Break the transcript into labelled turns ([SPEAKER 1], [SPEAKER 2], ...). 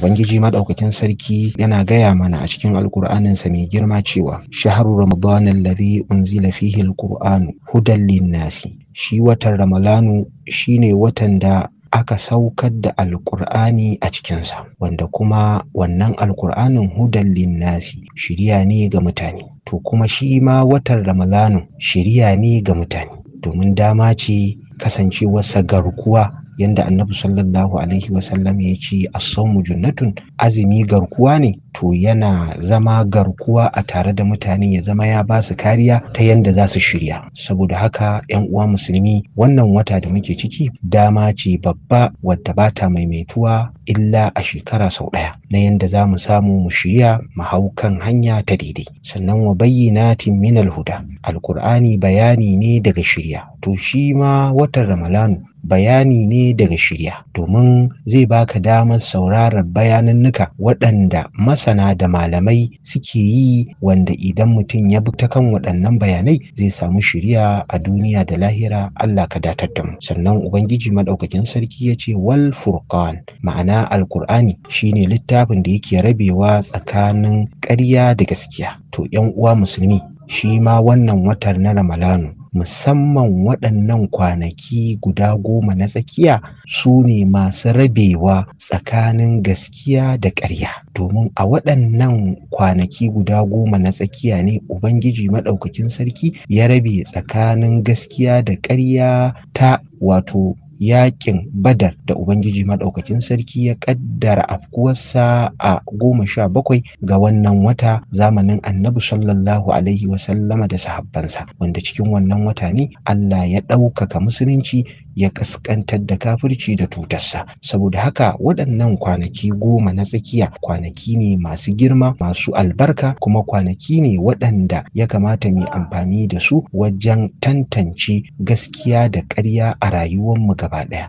[SPEAKER 1] ubangiji madaukakin sarki yana gaya mana a cikin alkur'aninsa mai girma cewa shahru ramadan alladhi unzila fihi alqur'anu hudan linnasi shi watan ramalanu shine watan da aka saukar da Alƙur'ani a cikinsa wanda kuma wannan alkur'anin hudan linnasi shirya ne ga mutane to kuma shi ma watan ramalanu shirya ne ga mutane domin dama ce kasancewarsa garkuwa yanda annabi sallallahu alaihi wasallam ya ce as-sawmu junnatun azumi garkuwa ne to yana zama garkuwa a tare da mutane ya zama ya ba su kariya ta yadda za su shirya saboda haka 'yan uwa musulmi wannan wata da muke ciki dama ce babba wadda ba ta maimaituwa illa a shekara sau ɗaya na yadda za mu samu mu shirya mu hau kan hanya ta daidai sannan wa bayyana min huda alkur'ani bayani ne daga shirya to shi ma watan ramalanu bayani ne daga shirya domin zai baka damar sauraron bayanannuka waɗanda mas masana da malamai suke yi wanda idan mutum ya bi ta kan waɗannan bayanai zai samu shiriya a duniya da lahira Allah ka datar da mu sannan ubangiji madaukakin sarki ya ce wal furqan ma'ana alqur'ani shine littafin da yake rabewa tsakanin ƙarya da gaskiya to yan uwa musulmi shi ma wannan watan na Ramalanu musamman waɗannan kwanaki guda goma na tsakiya su ne masu rabewa tsakanin gaskiya da ƙarya domin a waɗannan kwanaki guda goma na tsakiya ne ubangiji maɗaukakin sarki ya rabe tsakanin gaskiya da ƙarya ta wato yakin badar da ubangiji maɗaukakin sarki ya ƙaddara afkuwarsa a goma sha bakwai ga wannan wata zamanin annabi sallallahu alaihi wasallama da sahabbansa wanda cikin wannan wata ne allah ya ɗaukaka musulunci ya kaskantar da kafirci da tutarsa saboda haka waɗannan kwanaki goma na tsakiya kwanaki ne masu girma masu albarka kuma kwanaki ne waɗanda ya kamata mu amfani da su wajen tantance gaskiya da ƙarya a rayuwarmu gaba ɗaya